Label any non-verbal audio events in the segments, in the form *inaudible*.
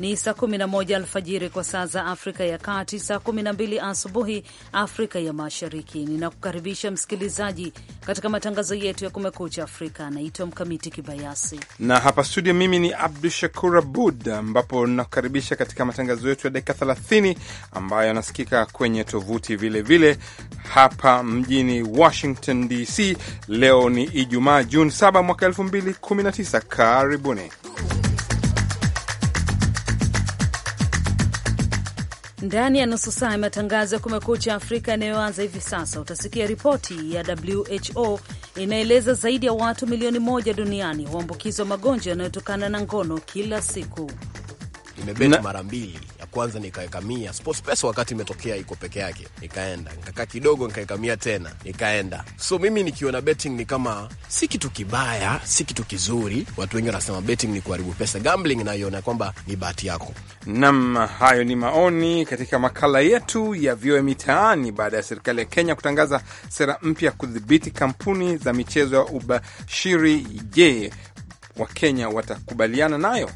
Ni saa 11 alfajiri kwa saa za Afrika ya Kati, saa 12 asubuhi Afrika ya Mashariki. Ninakukaribisha msikilizaji katika matangazo yetu ya Kumekucha Afrika. Anaitwa Mkamiti Kibayasi na hapa studio mimi ni Abdu Shakur Abud, ambapo nakukaribisha katika matangazo yetu ya dakika 30 ambayo yanasikika kwenye tovuti vilevile vile, hapa mjini Washington DC. Leo ni Ijumaa, Juni 7 mwaka 2019. Karibuni. Ndani ya nusu saa ya matangazo ya Kumekucha Afrika yanayoanza hivi sasa, utasikia ripoti ya WHO inaeleza zaidi ya watu milioni moja duniani huambukizwa magonjwa yanayotokana na ngono kila siku. Imebeba mara mbili kwanza nikaweka mia sports pesa, wakati imetokea iko peke yake, nikaenda nikakaa kidogo, nikaweka mia tena nikaenda. So mimi nikiona betting ni kama si kitu kibaya, si kitu kizuri. Watu wengi wanasema betting ni kuharibu pesa, gambling naiona kwamba ni bahati yako. Nam, hayo ni maoni katika makala yetu ya VOA Mitaani. Baada ya serikali ya Kenya kutangaza sera mpya kudhibiti kampuni za michezo ya ubashiri, je, Wakenya watakubaliana nayo?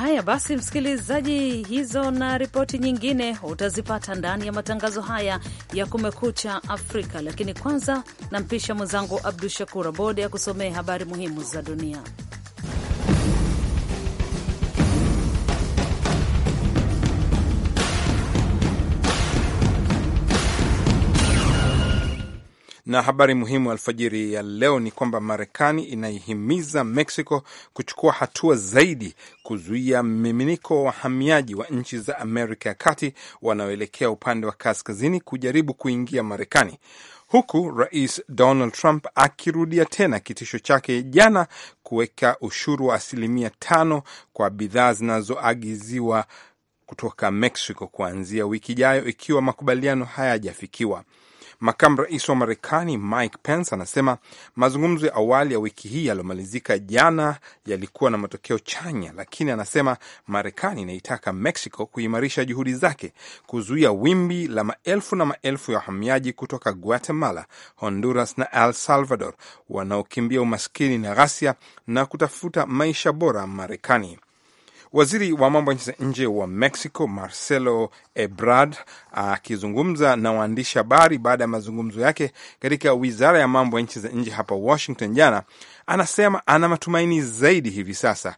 Haya basi, msikilizaji, hizo na ripoti nyingine utazipata ndani ya matangazo haya ya Kumekucha Afrika, lakini kwanza nampisha mwenzangu Abdu Shakur Abode akusomee habari muhimu za dunia. Na habari muhimu alfajiri ya leo ni kwamba Marekani inaihimiza Mexico kuchukua hatua zaidi kuzuia mmiminiko wa wahamiaji wa nchi za Amerika ya Kati wanaoelekea upande wa kaskazini kujaribu kuingia Marekani, huku Rais Donald Trump akirudia tena kitisho chake jana kuweka ushuru wa asilimia tano kwa bidhaa zinazoagiziwa kutoka Mexico kuanzia wiki ijayo ikiwa makubaliano hayajafikiwa. Makamu rais wa Marekani Mike Pence anasema mazungumzo ya awali ya wiki hii yaliyomalizika jana yalikuwa na matokeo chanya, lakini anasema Marekani inaitaka Mexico kuimarisha juhudi zake kuzuia wimbi la maelfu na maelfu ya wahamiaji kutoka Guatemala, Honduras na el Salvador wanaokimbia umaskini na ghasia na kutafuta maisha bora Marekani. Waziri wa mambo ya nchi za nje wa Mexico Marcelo Ebrard akizungumza na waandishi habari baada ya mazungumzo yake katika wizara ya mambo ya nchi za nje hapa Washington jana, anasema ana matumaini zaidi hivi sasa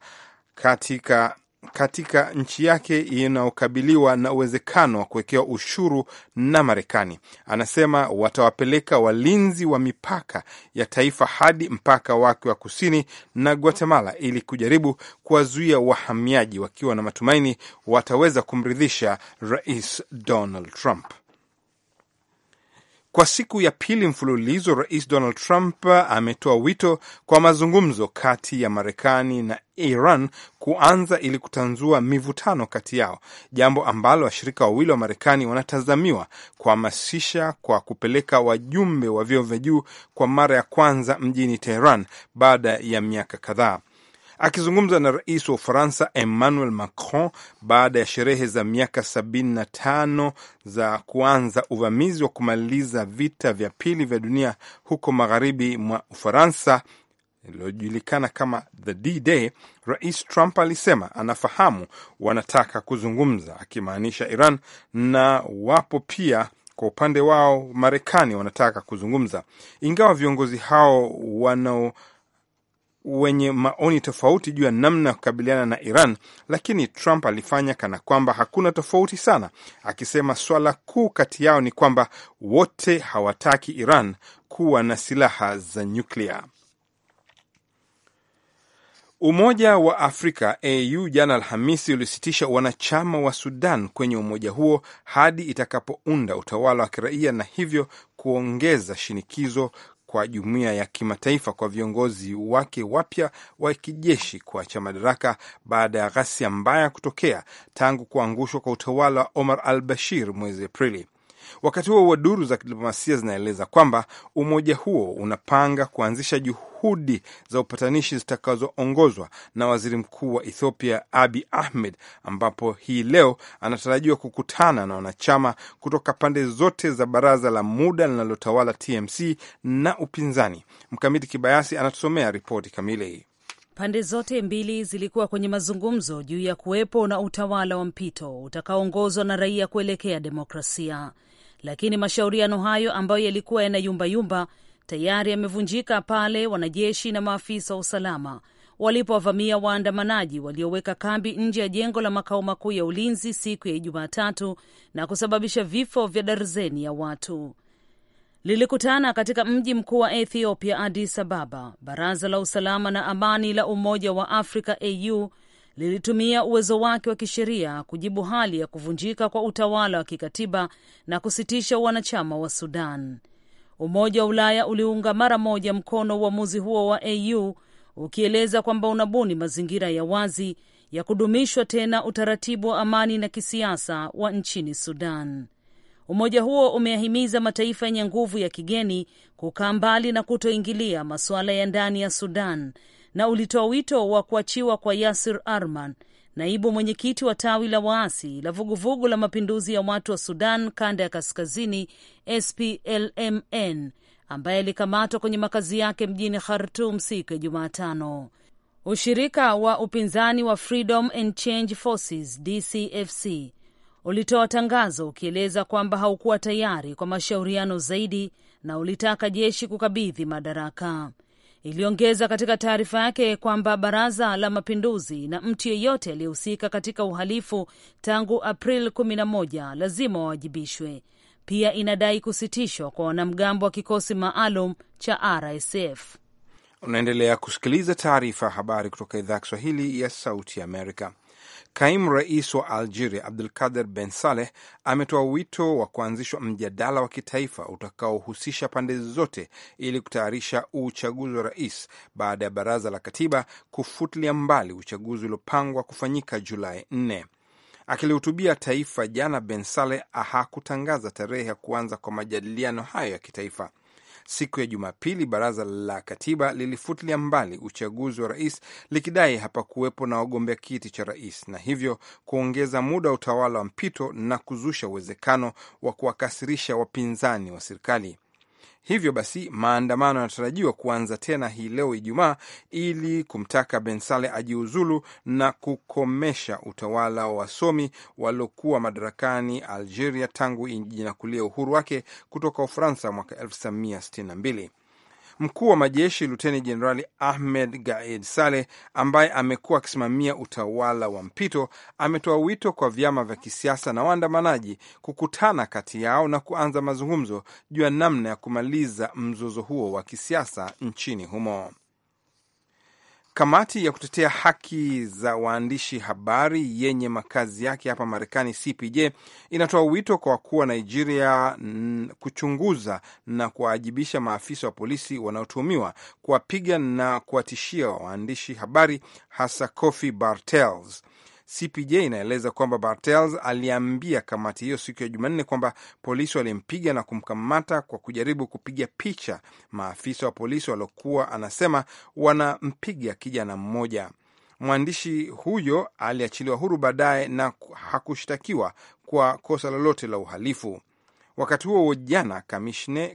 katika katika nchi yake inayokabiliwa na uwezekano wa kuwekewa ushuru na Marekani. Anasema watawapeleka walinzi wa mipaka ya taifa hadi mpaka wake wa kusini na Guatemala ili kujaribu kuwazuia wahamiaji, wakiwa na matumaini wataweza kumridhisha Rais Donald Trump. Kwa siku ya pili mfululizo, Rais Donald Trump ametoa wito kwa mazungumzo kati ya Marekani na Iran kuanza ili kutanzua mivutano kati yao, jambo ambalo washirika wawili wa Marekani wanatazamiwa kuhamasisha kwa kupeleka wajumbe wa vyeo vya juu kwa mara ya kwanza mjini Teheran baada ya miaka kadhaa. Akizungumza na rais wa Ufaransa Emmanuel Macron baada ya sherehe za miaka sabini na tano za kuanza uvamizi wa kumaliza vita vya pili vya dunia huko magharibi mwa Ufaransa iliyojulikana kama the D-Day, Rais Trump alisema anafahamu wanataka kuzungumza, akimaanisha Iran, na wapo pia kwa upande wao Marekani wanataka kuzungumza, ingawa viongozi hao wanao wenye maoni tofauti juu ya namna ya kukabiliana na Iran, lakini Trump alifanya kana kwamba hakuna tofauti sana, akisema swala kuu kati yao ni kwamba wote hawataki Iran kuwa na silaha za nyuklia. Umoja wa Afrika AU jana Alhamisi ulisitisha wanachama wa Sudan kwenye umoja huo hadi itakapounda utawala wa kiraia na hivyo kuongeza shinikizo kwa jumuiya ya kimataifa kwa viongozi wake wapya wa kijeshi kuacha madaraka baada ya ghasia mbaya kutokea tangu kuangushwa kwa utawala wa Omar al Bashir mwezi Aprili. Wakati huo huo, duru za kidiplomasia zinaeleza kwamba umoja huo unapanga kuanzisha juhudi za upatanishi zitakazoongozwa na waziri mkuu wa Ethiopia Abi Ahmed, ambapo hii leo anatarajiwa kukutana na wanachama kutoka pande zote za baraza la muda linalotawala TMC na upinzani. Mkamiti Kibayasi anatusomea ripoti kamili. Pande zote mbili zilikuwa kwenye mazungumzo juu ya kuwepo na utawala wa mpito utakaoongozwa na raia kuelekea demokrasia lakini mashauriano hayo ambayo yalikuwa yanayumbayumba tayari yamevunjika pale wanajeshi na maafisa wa usalama walipowavamia waandamanaji walioweka kambi nje ya jengo la makao makuu ya ulinzi siku ya Jumatatu na kusababisha vifo vya darzeni ya watu. Lilikutana katika mji mkuu wa Ethiopia, Addis Ababa. Baraza la Usalama na Amani la Umoja wa Afrika, AU, lilitumia uwezo wake wa kisheria kujibu hali ya kuvunjika kwa utawala wa kikatiba na kusitisha wanachama wa Sudan. Umoja wa Ulaya uliunga mara moja mkono uamuzi huo wa AU ukieleza kwamba unabuni mazingira ya wazi ya kudumishwa tena utaratibu wa amani na kisiasa wa nchini Sudan. Umoja huo umeahimiza mataifa yenye nguvu ya kigeni kukaa mbali na kutoingilia masuala ya ndani ya Sudan na ulitoa wito wa kuachiwa kwa Yasir Arman, naibu mwenyekiti wa tawi la waasi la vuguvugu la mapinduzi ya watu wa Sudan kanda ya kaskazini SPLMN, ambaye alikamatwa kwenye makazi yake mjini Khartum siku ya Jumatano. Ushirika wa upinzani wa Freedom and Change Forces DCFC ulitoa tangazo ukieleza kwamba haukuwa tayari kwa mashauriano zaidi na ulitaka jeshi kukabidhi madaraka. Iliongeza katika taarifa yake kwamba baraza la mapinduzi na mtu yeyote aliyehusika katika uhalifu tangu Aprili 11 lazima wawajibishwe. Pia inadai kusitishwa kwa wanamgambo wa kikosi maalum cha RSF. Unaendelea kusikiliza taarifa ya habari kutoka idhaa ya Kiswahili ya Sauti Amerika. Kaimu rais wa Algeria Abdulkader Ben Saleh ametoa wito wa kuanzishwa mjadala wa kitaifa utakaohusisha pande zote ili kutayarisha uchaguzi wa rais baada ya baraza la katiba kufutilia mbali uchaguzi uliopangwa kufanyika Julai 4. Akilihutubia taifa jana, Ben Saleh hakutangaza tarehe ya kuanza kwa majadiliano hayo ya kitaifa. Siku ya Jumapili, baraza la katiba lilifutilia mbali uchaguzi wa rais likidai hapakuwepo na wagombea kiti cha rais, na hivyo kuongeza muda wa utawala wa mpito na kuzusha uwezekano wa kuwakasirisha wapinzani wa serikali. Hivyo basi maandamano yanatarajiwa kuanza tena hii leo Ijumaa ili kumtaka Ben ajiuzulu na kukomesha utawala wa wasomi waliokuwa madarakani Algeria tangu inajinakulia uhuru wake kutoka Ufaransa mwaka 1962. Mkuu wa majeshi Luteni Jenerali Ahmed Gaid Saleh, ambaye amekuwa akisimamia utawala wa mpito, ametoa wito kwa vyama vya kisiasa na waandamanaji kukutana kati yao na kuanza mazungumzo juu ya namna ya kumaliza mzozo huo wa kisiasa nchini humo. Kamati ya kutetea haki za waandishi habari yenye makazi yake hapa Marekani, CPJ, inatoa wito kwa wakuu wa Nigeria kuchunguza na kuwaajibisha maafisa wa polisi wanaotuhumiwa kuwapiga na kuwatishia waandishi habari, hasa Kofi Bartels. CPJ inaeleza kwamba Bartels aliambia kamati hiyo siku ya Jumanne kwamba polisi walimpiga na kumkamata kwa kujaribu kupiga picha maafisa wa polisi waliokuwa anasema wanampiga kijana mmoja. Mwandishi huyo aliachiliwa huru baadaye na hakushtakiwa kwa kosa lolote la uhalifu. Wakati huo jana,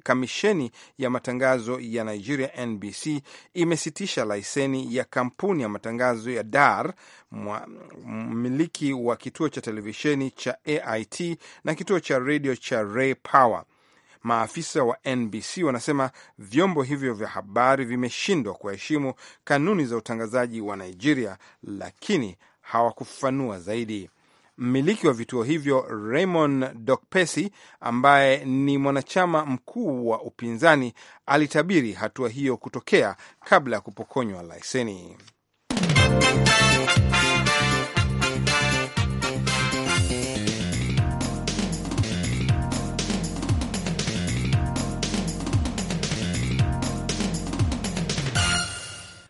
kamisheni ya matangazo ya Nigeria NBC imesitisha leseni ya kampuni ya matangazo ya Dar, mmiliki wa kituo cha televisheni cha AIT na kituo cha redio cha Ray Power. Maafisa wa NBC wanasema vyombo hivyo vya habari vimeshindwa kuheshimu kanuni za utangazaji wa Nigeria, lakini hawakufafanua zaidi. Mmiliki wa vituo hivyo Raymond Dokpesi, ambaye ni mwanachama mkuu wa upinzani, alitabiri hatua hiyo kutokea kabla ya kupokonywa leseni.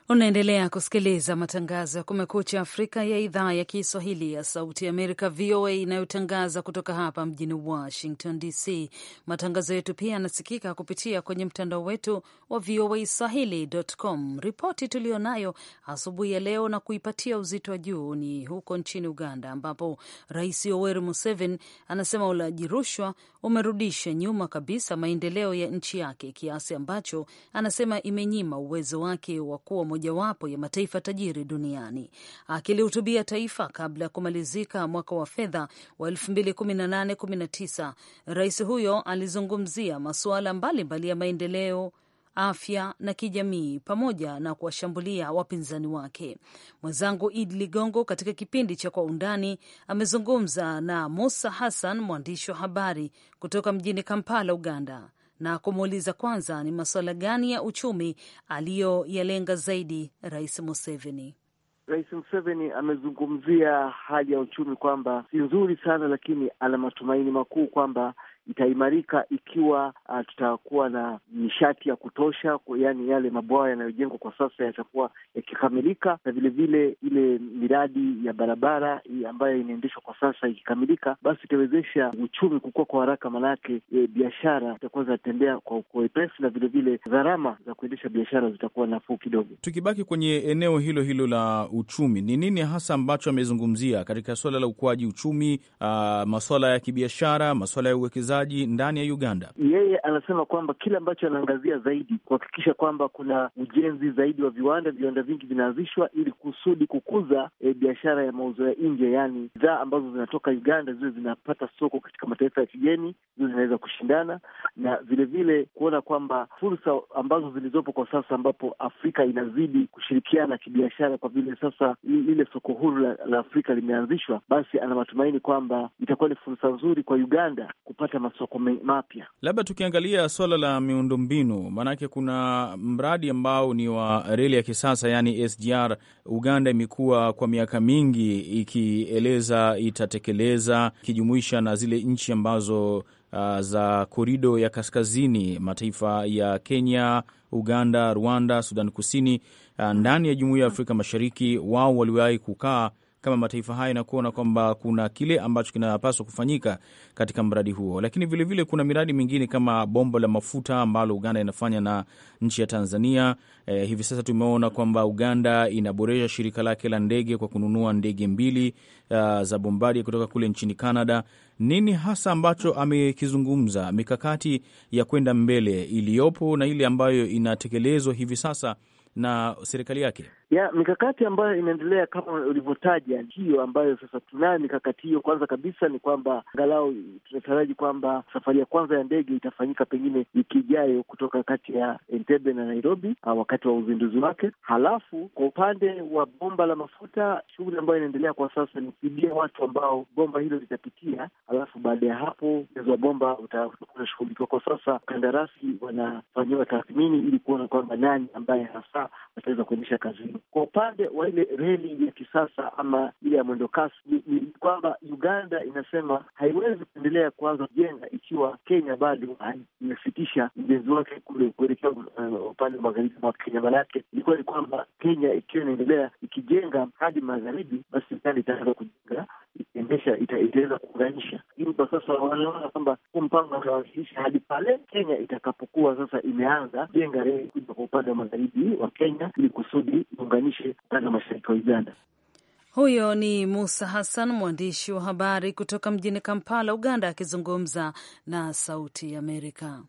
Unaendelea kusikiliza matangazo ya Kumekucha Afrika ya idhaa ya Kiswahili ya Sauti ya Amerika, VOA, inayotangaza kutoka hapa mjini Washington DC. Matangazo yetu pia yanasikika kupitia kwenye mtandao wetu wa VOA Swahili.com. Ripoti tuliyo nayo asubuhi ya leo na kuipatia uzito wa juu ni huko nchini Uganda, ambapo Rais Yoweri Museveni anasema ulaji rushwa umerudisha nyuma kabisa maendeleo ya nchi yake, kiasi ambacho anasema imenyima uwezo wake wa kuwa mojawapo ya mataifa tajiri duniani. Akilihutubia taifa kabla ya kumalizika mwaka wa fedha wa 2018/19, rais huyo alizungumzia masuala mbalimbali ya maendeleo afya na kijamii pamoja na kuwashambulia wapinzani wake. Mwenzangu Idi Ligongo katika kipindi cha Kwa Undani amezungumza na Musa Hassan, mwandishi wa habari kutoka mjini Kampala, Uganda, na kumuuliza kwanza ni masuala gani ya uchumi aliyoyalenga zaidi Rais Museveni. Rais Museveni amezungumzia hali ya uchumi kwamba si nzuri sana, lakini ana matumaini makuu kwamba itaimarika ikiwa uh, tutakuwa na nishati ya kutosha, yaani yale mabwawa yanayojengwa kwa sasa yatakuwa yakikamilika, na vilevile ile miradi ya barabara ambayo inaendeshwa kwa sasa ikikamilika, basi itawezesha uchumi kukua kwa haraka, maanake e, eh, biashara zitakuwa zinatembea kwa wepesi, na vilevile gharama za kuendesha biashara zitakuwa nafuu kidogo. Tukibaki kwenye eneo hilo hilo la uchumi, ni nini hasa ambacho amezungumzia katika suala la ukuaji uchumi, uh, ah, maswala ya kibiashara, maswala ya uwekezaji uwekezaji ndani ya Uganda. Yeye anasema kwamba kile ambacho anaangazia zaidi kuhakikisha kwamba kuna ujenzi zaidi wa viwanda, viwanda vingi vinaanzishwa ili kusudi kukuza e, biashara ya mauzo ya nje, yaani bidhaa ambazo zinatoka Uganda ziwe zinapata soko katika mataifa ya kigeni, ziwe zinaweza kushindana na vilevile kuona kwamba fursa ambazo zilizopo kwa sasa, ambapo Afrika inazidi kushirikiana kibiashara, kwa vile sasa lile soko huru la, la Afrika limeanzishwa, basi ana matumaini kwamba itakuwa ni fursa nzuri kwa Uganda kupata masoko mapya. Labda tukiangalia swala la miundombinu, maanake kuna mradi ambao ni wa reli ya kisasa, yani SGR. Uganda imekuwa kwa miaka mingi ikieleza itatekeleza, ikijumuisha na zile nchi ambazo Uh, za korido ya kaskazini, mataifa ya Kenya, Uganda, Rwanda, Sudan Kusini, uh, ndani ya Jumuiya ya Afrika Mashariki, wao waliwahi kukaa kama mataifa hayo na kuona kwamba kuna kile ambacho kinapaswa kufanyika katika mradi huo. Lakini vilevile vile kuna miradi mingine kama bomba la mafuta ambalo Uganda inafanya na nchi ya Tanzania. E, hivi sasa tumeona kwamba Uganda inaboresha shirika lake la ndege kwa kununua ndege mbili uh, za Bombardier kutoka kule nchini Canada. Nini hasa ambacho amekizungumza, mikakati ya kwenda mbele iliyopo na ile ambayo inatekelezwa hivi sasa na serikali yake ya mikakati ambayo inaendelea kama ulivyotaja hiyo ambayo sasa tunayo mikakati hiyo. Kwanza kabisa ni kwamba angalau tunataraji kwamba safari ya kwanza ya ndege itafanyika pengine wiki ijayo kutoka kati ya Entebbe na Nairobi ah, wakati wa uzinduzi wake. Halafu kwa upande wa bomba la mafuta, shughuli ambayo inaendelea kwa sasa ni kufidia watu ambao bomba hilo litapitia, halafu baada ya hapo mchezo wa bomba utashughulikiwa. Kwa sasa kandarasi wanafanyiwa tathmini ili kuona kwamba nani ambaye hasa wataweza kuendesha kazi. Kwa upande wa ile reli ya kisasa ama ile ya mwendokasi, ni kwamba Uganda inasema haiwezi kuendelea kuanza kujenga ikiwa Kenya bado imefikisha ujenzi wake kule kuelekea uh, upande wa magharibi mwa Kenya. yake ilikuwa ni kwamba Kenya ikiwa inaendelea ikijenga hadi magharibi, basi serikali itaanza kujenga itaendesha itaweza kuunganisha hivi kwa sasa wanaona kwamba huu mpango utawasilisha hadi pale Kenya itakapokuwa sasa imeanza jenga reli kuja kwa upande wa magharibi wa Kenya ili kusudi iunganishe upande wa mashariki wa Uganda. Huyo ni Musa Hassan, mwandishi wa habari kutoka mjini Kampala, Uganda, akizungumza na Sauti Amerika.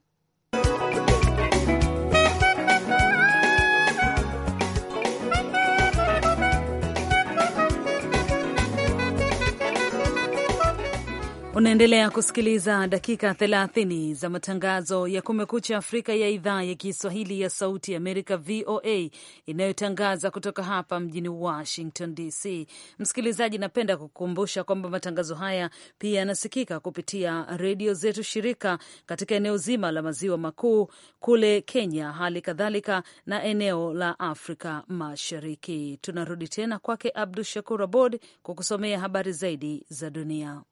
Unaendelea kusikiliza dakika 30 za matangazo ya Kumekucha Afrika ya idhaa ya Kiswahili ya Sauti Amerika, VOA, inayotangaza kutoka hapa mjini Washington DC. Msikilizaji, napenda kukumbusha kwamba matangazo haya pia yanasikika kupitia redio zetu shirika katika eneo zima la maziwa makuu kule Kenya, hali kadhalika na eneo la Afrika Mashariki. Tunarudi tena kwake Abdu Shakur Abod kukusomea habari zaidi za dunia.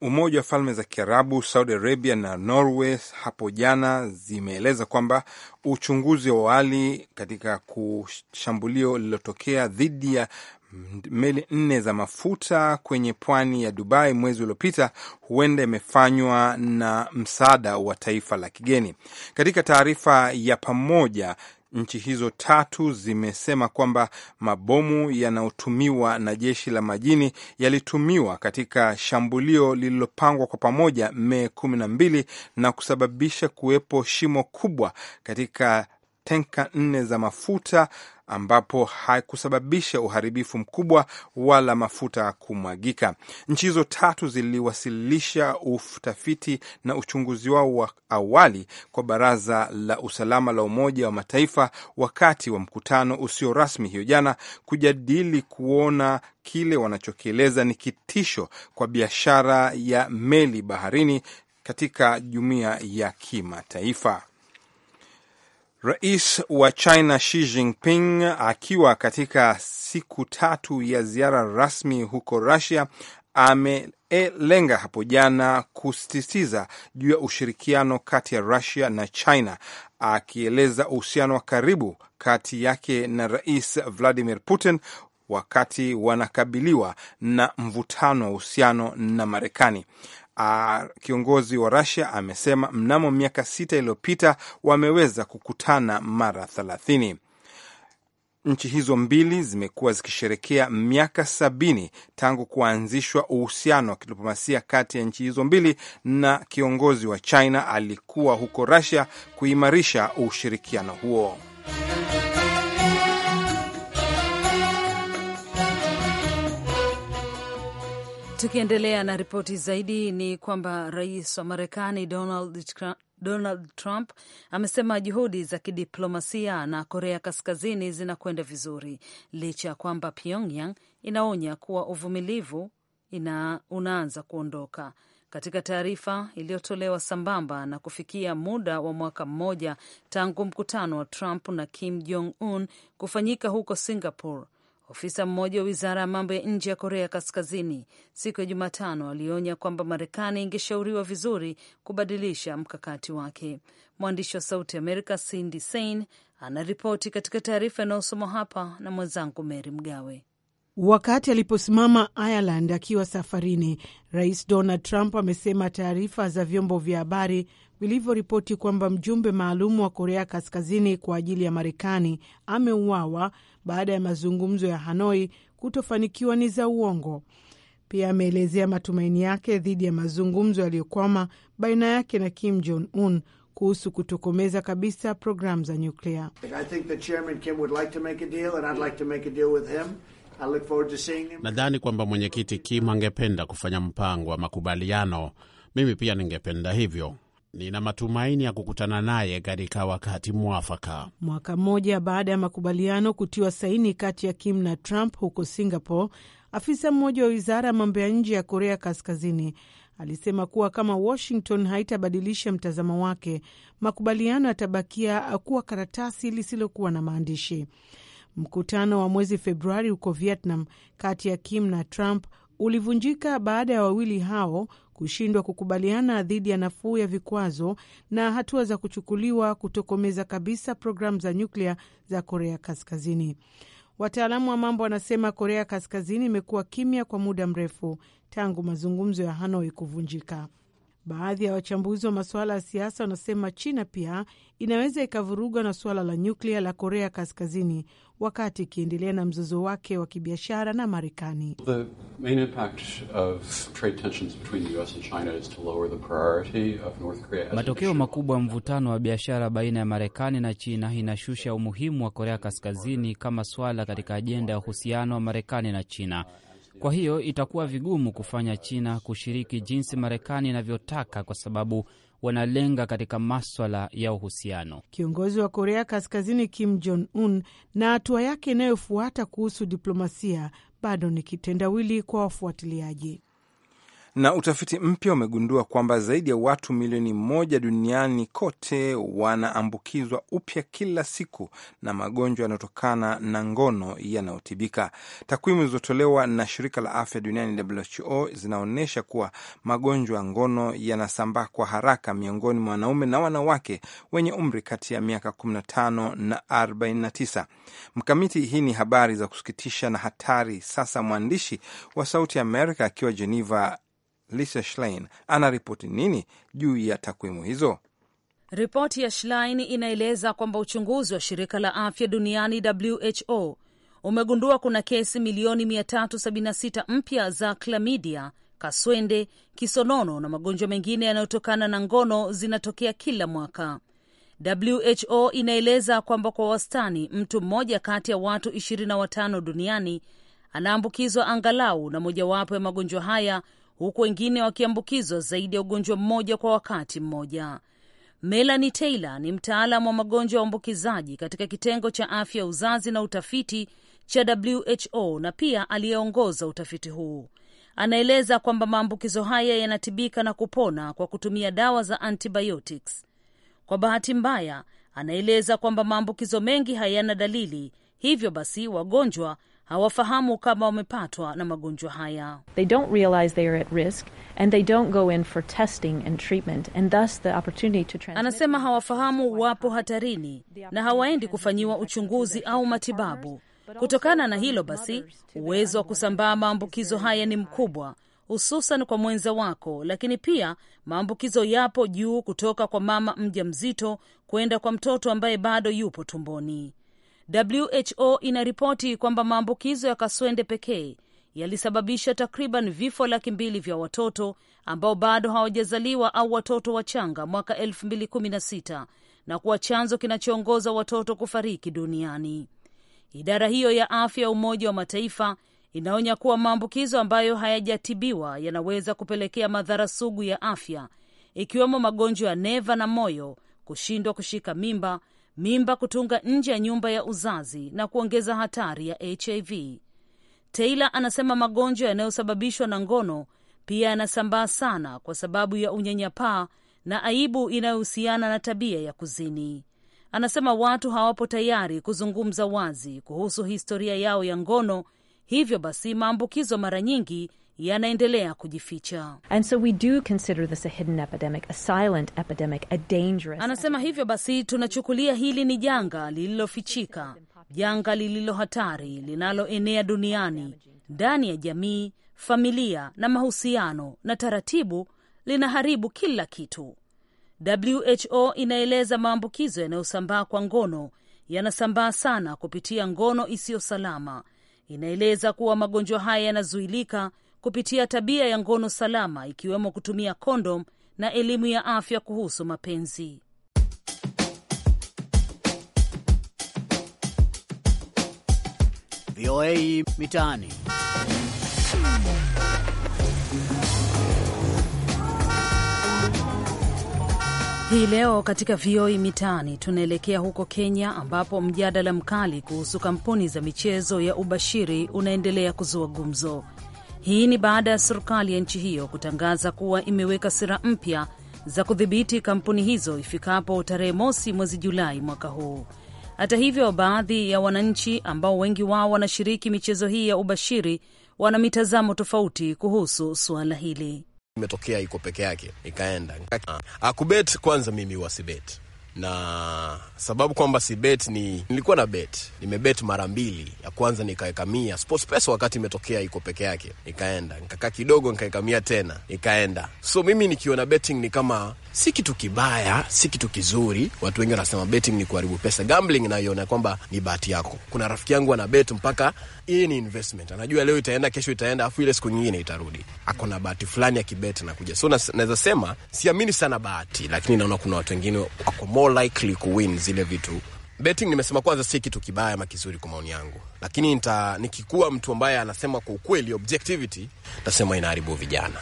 Umoja wa Falme za Kiarabu, Saudi Arabia na Norway hapo jana zimeeleza kwamba uchunguzi wa awali katika shambulio lililotokea dhidi ya meli nne za mafuta kwenye pwani ya Dubai mwezi uliopita huenda imefanywa na msaada wa taifa la kigeni. Katika taarifa ya pamoja Nchi hizo tatu zimesema kwamba mabomu yanayotumiwa na jeshi la majini yalitumiwa katika shambulio lililopangwa kwa pamoja Mei kumi na mbili na kusababisha kuwepo shimo kubwa katika tenka nne za mafuta ambapo hakusababisha uharibifu mkubwa wala mafuta kumwagika. Nchi hizo tatu ziliwasilisha utafiti na uchunguzi wao wa awali kwa Baraza la Usalama la Umoja wa Mataifa wakati wa mkutano usio rasmi hiyo jana kujadili kuona kile wanachokieleza ni kitisho kwa biashara ya meli baharini katika jumuiya ya kimataifa. Rais wa China Xi Jinping akiwa katika siku tatu ya ziara rasmi huko Russia amelenga hapo jana kusisitiza juu ya ushirikiano kati ya Russia na China, akieleza uhusiano wa karibu kati yake na Rais Vladimir Putin wakati wanakabiliwa na mvutano wa uhusiano na Marekani. A, kiongozi wa Russia amesema mnamo miaka sita iliyopita wameweza kukutana mara thelathini. Nchi hizo mbili zimekuwa zikisherekea miaka sabini tangu kuanzishwa uhusiano wa kidiplomasia kati ya nchi hizo mbili, na kiongozi wa China alikuwa huko Russia kuimarisha ushirikiano huo. Tukiendelea na ripoti zaidi ni kwamba rais wa Marekani Donald Trump Donald Trump amesema juhudi za kidiplomasia na Korea Kaskazini zinakwenda vizuri licha ya kwamba Pyongyang inaonya kuwa uvumilivu ina unaanza kuondoka. Katika taarifa iliyotolewa sambamba na kufikia muda wa mwaka mmoja tangu mkutano wa Trump na Kim Jong Un kufanyika huko Singapore, Ofisa mmoja wa wizara ya mambo ya nje ya Korea Kaskazini siku ya Jumatano alionya kwamba Marekani ingeshauriwa vizuri kubadilisha mkakati wake. Mwandishi wa Sauti Amerika Cindy Sein anaripoti katika taarifa inayosomwa hapa na mwenzangu Mary Mgawe. Wakati aliposimama Ireland akiwa safarini, Rais Donald Trump amesema taarifa za vyombo vya habari vilivyoripoti kwamba mjumbe maalum wa Korea Kaskazini kwa ajili ya Marekani ameuawa baada ya mazungumzo ya Hanoi kutofanikiwa ni za uongo. Pia ameelezea matumaini yake dhidi ya mazungumzo yaliyokwama baina yake na Kim Jong Un kuhusu kutokomeza kabisa programu za nyuklia. Nadhani kwamba mwenyekiti Kim angependa kufanya mpango wa makubaliano. Mimi pia ningependa hivyo nina matumaini ya kukutana naye katika wakati mwafaka. Mwaka mmoja baada ya makubaliano kutiwa saini kati ya Kim na Trump huko Singapore, afisa mmoja wa wizara ya mambo ya nje ya Korea Kaskazini alisema kuwa kama Washington haitabadilisha mtazamo wake, makubaliano yatabakia kuwa karatasi lisilokuwa na maandishi. Mkutano wa mwezi Februari huko Vietnam kati ya Kim na Trump ulivunjika baada ya wawili hao kushindwa kukubaliana dhidi ya nafuu ya vikwazo na hatua za kuchukuliwa kutokomeza kabisa programu za nyuklia za Korea Kaskazini. Wataalamu wa mambo wanasema Korea Kaskazini imekuwa kimya kwa muda mrefu tangu mazungumzo ya Hanoi kuvunjika. Baadhi ya wachambuzi wa masuala ya siasa wanasema China pia inaweza ikavurugwa na suala la nyuklia la Korea Kaskazini wakati ikiendelea na mzozo wake wa kibiashara na Marekani. Matokeo makubwa ya mvutano wa biashara baina ya Marekani na China inashusha umuhimu wa Korea Kaskazini kama swala katika ajenda ya uhusiano wa Marekani na China. Kwa hiyo itakuwa vigumu kufanya China kushiriki jinsi Marekani inavyotaka kwa sababu wanalenga katika maswala ya uhusiano. Kiongozi wa Korea Kaskazini Kim Jong Un na hatua yake inayofuata kuhusu diplomasia bado ni kitendawili kwa wafuatiliaji. Na utafiti mpya umegundua kwamba zaidi ya watu milioni moja duniani kote wanaambukizwa upya kila siku na magonjwa yanayotokana na ngono yanayotibika. Takwimu zilizotolewa na shirika la afya duniani WHO zinaonyesha kuwa magonjwa ya ngono yanasambaa kwa haraka miongoni mwa wanaume na wanawake wenye umri kati ya miaka 15 na 49. Mkamiti, hii ni habari za kusikitisha na hatari. Sasa mwandishi wa Sauti Amerika akiwa Geneva Lisa Schlein anaripoti nini juu ya takwimu hizo? Ripoti ya Schlein inaeleza kwamba uchunguzi wa shirika la afya duniani WHO umegundua kuna kesi milioni 376 mpya za klamidia, kaswende, kisonono na magonjwa mengine yanayotokana na ngono zinatokea kila mwaka. WHO inaeleza kwamba kwa wastani mtu mmoja kati ya watu 25 duniani anaambukizwa angalau na mojawapo ya magonjwa haya huku wengine wakiambukizwa zaidi ya ugonjwa mmoja kwa wakati mmoja. Melanie Taylor ni mtaalam wa magonjwa ya uambukizaji katika kitengo cha afya ya uzazi na utafiti cha WHO na pia aliyeongoza utafiti huu. Anaeleza kwamba maambukizo haya yanatibika na kupona kwa kutumia dawa za antibiotics. Kwa bahati mbaya, anaeleza kwamba maambukizo mengi hayana dalili, hivyo basi wagonjwa hawafahamu kama wamepatwa na magonjwa haya. They don't realize they are at risk and they don't go in for testing and treatment and thus the opportunity to transmit. Anasema hawafahamu wapo hatarini na hawaendi kufanyiwa uchunguzi au matibabu. Kutokana na hilo basi, uwezo wa kusambaa maambukizo haya ni mkubwa, hususan kwa mwenza wako, lakini pia maambukizo yapo juu kutoka kwa mama mja mzito kwenda kwa mtoto ambaye bado yupo tumboni. WHO inaripoti kwamba maambukizo ya kaswende pekee yalisababisha takriban vifo laki mbili vya watoto ambao bado hawajazaliwa au watoto wachanga mwaka 2016 na kuwa chanzo kinachoongoza watoto kufariki duniani. Idara hiyo ya afya ya Umoja wa Mataifa inaonya kuwa maambukizo ambayo hayajatibiwa yanaweza kupelekea madhara sugu ya afya ikiwemo magonjwa ya neva na moyo, kushindwa kushika mimba, mimba kutunga nje ya nyumba ya uzazi na kuongeza hatari ya HIV. Taylor anasema magonjwa yanayosababishwa na ngono pia yanasambaa sana kwa sababu ya unyanyapaa na aibu inayohusiana na tabia ya kuzini. Anasema watu hawapo tayari kuzungumza wazi kuhusu historia yao ya ngono, hivyo basi maambukizo mara nyingi yanaendelea kujificha. So dangerous... Anasema hivyo basi, tunachukulia hili ni janga lililofichika, janga lililo hatari, linaloenea duniani, ndani ya jamii, familia na mahusiano, na taratibu linaharibu kila kitu. WHO inaeleza maambukizo yanayosambaa kwa ngono yanasambaa sana kupitia ngono isiyo salama. Inaeleza kuwa magonjwa haya yanazuilika kupitia tabia ya ngono salama ikiwemo kutumia kondom na elimu ya afya kuhusu mapenzi. VOA Mitaani. Hii leo katika voa mitaani tunaelekea huko Kenya, ambapo mjadala mkali kuhusu kampuni za michezo ya ubashiri unaendelea kuzua gumzo. Hii ni baada ya serikali ya nchi hiyo kutangaza kuwa imeweka sera mpya za kudhibiti kampuni hizo ifikapo tarehe mosi mwezi Julai mwaka huu. Hata hivyo, baadhi ya wananchi ambao wengi wao wanashiriki michezo hii ya ubashiri wana mitazamo tofauti kuhusu suala hili. Imetokea iko peke yake ikaenda akubet kwanza, mimi wasibet na sababu kwamba si bet ni nilikuwa na bet, nimebet mara mbili. Ya kwanza nikaweka mia sports pesa wakati imetokea iko peke yake, nikaenda nikakaa kidogo, nikaweka mia tena, nikaenda. So mimi nikiona betting ni kama si kitu kibaya, si kitu kizuri. Watu wengi wanasema betting ni kuharibu pesa, gambling naiona kwamba ni bahati yako. Kuna rafiki yangu ana bet mpaka hii ni investment, anajua leo itaenda, kesho itaenda, afu ile siku nyingine itarudi. Ako na bahati fulani akibet kuja. So naweza sema siamini sana bahati, lakini naona kuna watu wengine wako more likely win zile vitu. Betting nimesema kwanza, si kitu kibaya ama kizuri kwa maoni yangu, lakini nita, nikikuwa mtu ambaye anasema kwa ukweli, objectivity, nasema inaharibu vijana,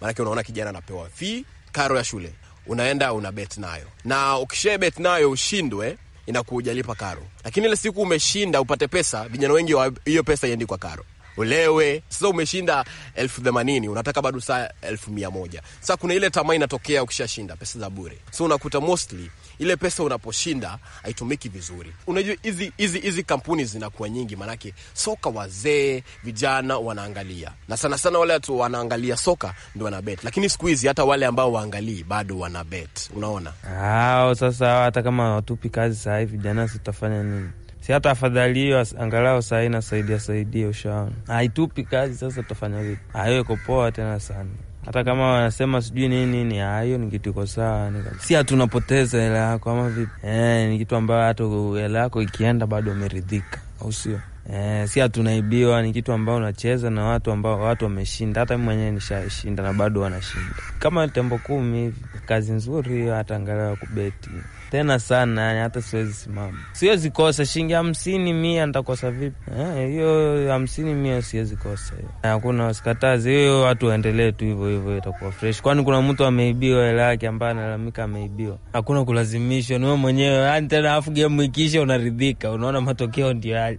maanake unaona kijana anapewa fee karo ya shule, unaenda una bet nayo, na ukisha bet nayo ushindwe inakujalipa karo, lakini ile siku umeshinda upate pesa, vijana wengi hiyo pesa iendi kwa karo ulewe. Sasa umeshinda elfu themanini unataka bado saa elfu mia moja Sasa kuna ile tamaa inatokea ukishashinda pesa za bure, so unakuta mostly ile pesa unaposhinda haitumiki vizuri. Unajua hizi hizi hizi kampuni zinakuwa nyingi, maanake soka wazee, vijana wanaangalia, na sana sana wale watu wanaangalia soka ndio wanabet, lakini siku hizi hata wale ambao waangalii bado wanabet. Unaona hao sasa, hata kama watupi kazi saa hii vijana, sitafanya nini? si hata afadhali hiyo angalau saa hii nasaidia saidia, ushaona haitupi kazi. Sasa tutafanya vipi? Hiyo iko poa tena sana hata kama wanasema sijui nini ni hiyo ni kitu iko sawa, si hatunapoteza hela yako ama vipi? E, ni kitu ambayo hata hela yako ikienda bado umeridhika, au sio? E, si hatunaibiwa, ni kitu ambao unacheza na watu ambao watu wameshinda. Hata mi mwenyewe nishashinda na bado wanashinda kama tembo kumi hivi. Kazi nzuri hiyo, hata angalau kubeti tena sana, yani hata siwezi simama, siwezi kosa shilingi hamsini mia, ntakosa vipi eh, hiyo? Eh, hamsini mia siwezi kosa hiyo, hakuna wasikatazi hiyo, watu waendelee tu hivyo hivyo, itakuwa fresh. Kwani kuna mtu ameibiwa hela yake ambaye analalamika ameibiwa? Hakuna kulazimishwa, ni wewe mwenyewe yani. Tena afu gemu ikiisha unaridhika, unaona matokeo ndio haya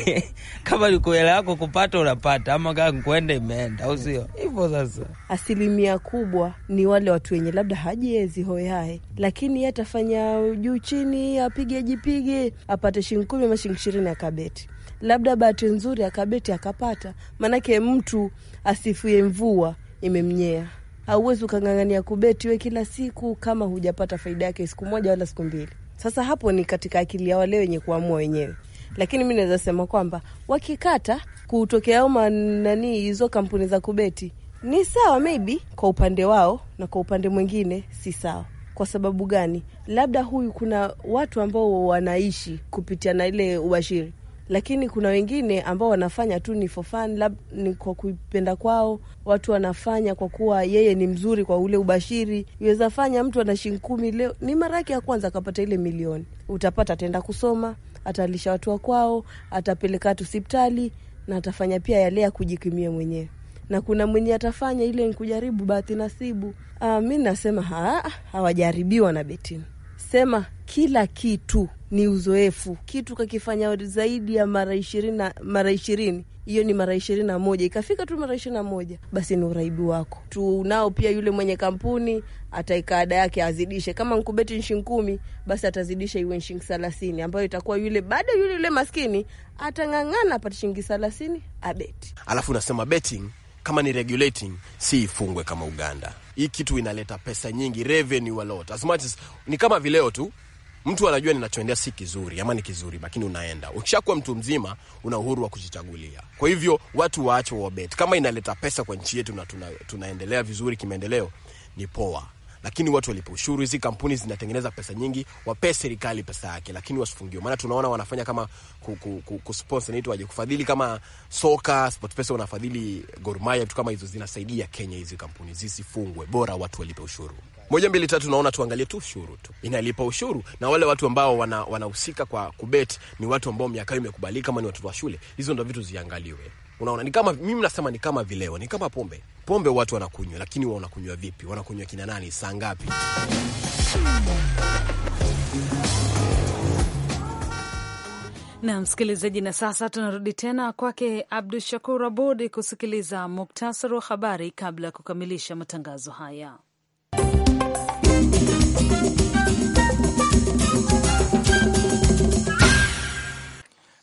*laughs* kama liko hela yako kupata unapata, ama kaa kwenda imeenda, au sio hivyo? Sasa asilimia kubwa ni wale watu wenye labda hajiezi hoyae, lakini yatafanya ya juu chini, apige jipige, apate shilingi kumi ama shilingi ishirini akabeti. Labda bahati nzuri akabeti akapata. Maanake mtu asifue mvua imemnyea. Hauwezi ukang'ang'ania kubeti we kila siku kama hujapata faida yake siku moja wala siku mbili. Sasa hapo ni katika akili ya wale wenye kuamua wenyewe, lakini mi naweza sema kwamba wakikata kutokea manani hizo kampuni za kubeti ni sawa, maybe kwa upande wao, na kwa upande mwingine si sawa. Kwa sababu gani? Labda huyu, kuna watu ambao wanaishi kupitia na ile ubashiri, lakini kuna wengine ambao wanafanya tu ni for fun, ni kwa kuipenda kwao. Watu wanafanya kwa kuwa yeye ni mzuri kwa ule ubashiri. Iweza fanya mtu ana shilingi kumi leo, ni mara yake ya kwanza akapata ile milioni, utapata ataenda kusoma, atalisha watu wa kwao, atapeleka hospitali na atafanya pia yale ya kujikimia mwenyewe na kuna mwenye atafanya ile nkujaribu bahati nasibu. Uh, mi nasema ha, hawajaribiwa na Betini. Sema kila kitu ni uzoefu. Kitu kakifanya zaidi ya mara ishirini mara ishirini hiyo ni mara ishirini na moja ikafika tu mara ishirini na moja basi ni uraibu wako. Tunao pia yule mwenye kampuni ataika ada yake azidishe, kama nkubeti nshingi kumi basi atazidisha iwe nshingi thelathini ambayo itakuwa yule bado yule yule maskini atang'ang'ana apate shingi thelathini abeti. Alafu unasema betting kama ni regulating, si ifungwe kama Uganda. Hii kitu inaleta pesa nyingi, revenue a lot as much as, ni kama vileo tu mtu anajua ninachoendea si kizuri ama ni kizuri, lakini unaenda. Ukishakuwa mtu mzima, una uhuru wa kujichagulia. Kwa hivyo watu waache wabet, kama inaleta pesa kwa nchi yetu na tuna, tunaendelea vizuri kimaendeleo, ni poa lakini watu walipe ushuru. Hizi kampuni zinatengeneza pesa nyingi, wape serikali pesa yake, lakini wasifungiwe. Maana tunaona wanafanya kama kusponsor naitwa waje kufadhili kama soka, SportPesa wanafadhili Gor Mahia, vitu kama hizo zinasaidia Kenya. Hizi kampuni zisifungwe, bora watu walipe ushuru. Moja, mbili, tatu, naona tuangalie tu ushuru tu inalipa ushuru, na wale watu ambao wanahusika wana kwa kubet ni watu ambao miaka yao imekubalika, ama ni watoto wa shule. Hizo ndo vitu ziangaliwe. Unaona, ni kama mimi nasema ni kama vileo, ni kama pombe. Pombe watu wanakunywa, lakini wao wanakunywa vipi? Wanakunywa kina nani? Saa ngapi? na msikilizaji, na sasa tunarudi tena kwake Abdu Shakur Abud kusikiliza muktasari wa habari kabla ya kukamilisha matangazo haya.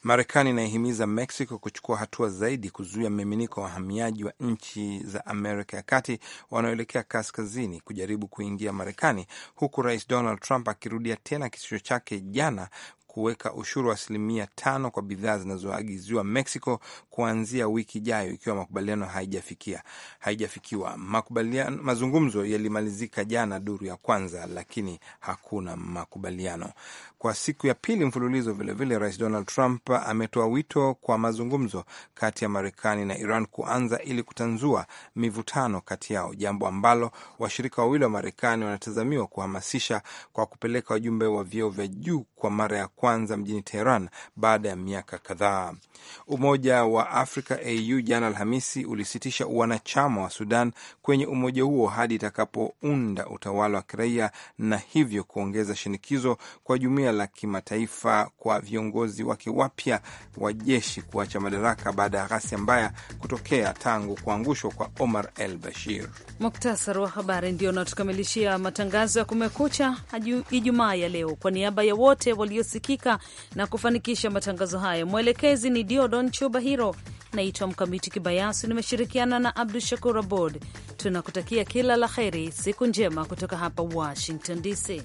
Marekani inaihimiza Mexico kuchukua hatua zaidi kuzuia mmiminiko wa wahamiaji wa nchi za Amerika ya kati wanaoelekea kaskazini kujaribu kuingia Marekani, huku Rais Donald Trump akirudia tena kisicho chake jana kuweka ushuru wa asilimia tano kwa bidhaa zinazoagiziwa Mexico kuanzia wiki ijayo ikiwa makubaliano haijafikia haijafikiwa. Makubaliano, mazungumzo yalimalizika jana duru ya kwanza, lakini hakuna makubaliano. Kwa siku ya pili mfululizo vilevile, Rais Donald Trump ametoa wito kwa mazungumzo kati ya Marekani na Iran kuanza ili kutanzua mivutano kati yao, jambo ambalo washirika wawili wa Marekani wanatazamiwa kuhamasisha kwa kupeleka wajumbe wa vyeo vya juu kwa mara ya kwanza mjini Teheran baada ya miaka kadhaa. Umoja wa Afrika au jana Alhamisi ulisitisha wanachama wa Sudan kwenye umoja huo hadi itakapounda utawala wa kiraia na hivyo kuongeza shinikizo kwa jumuiya la kimataifa kwa viongozi wake wapya wa jeshi kuacha madaraka baada ya ghasia mbaya kutokea tangu kuangushwa kwa Omar el Bashir. Muktasari wa habari ndio unatukamilishia matangazo ya Kumekucha Ijumaa ya leo. Kwa niaba ya wote waliosikika na kufanikisha matangazo haya, mwelekezi ni Diodon Chubahiro. Naitwa Mkamiti Kibayasi, nimeshirikiana na Abdu Shakur Abod. Tunakutakia kila la heri, siku njema kutoka hapa Washington DC.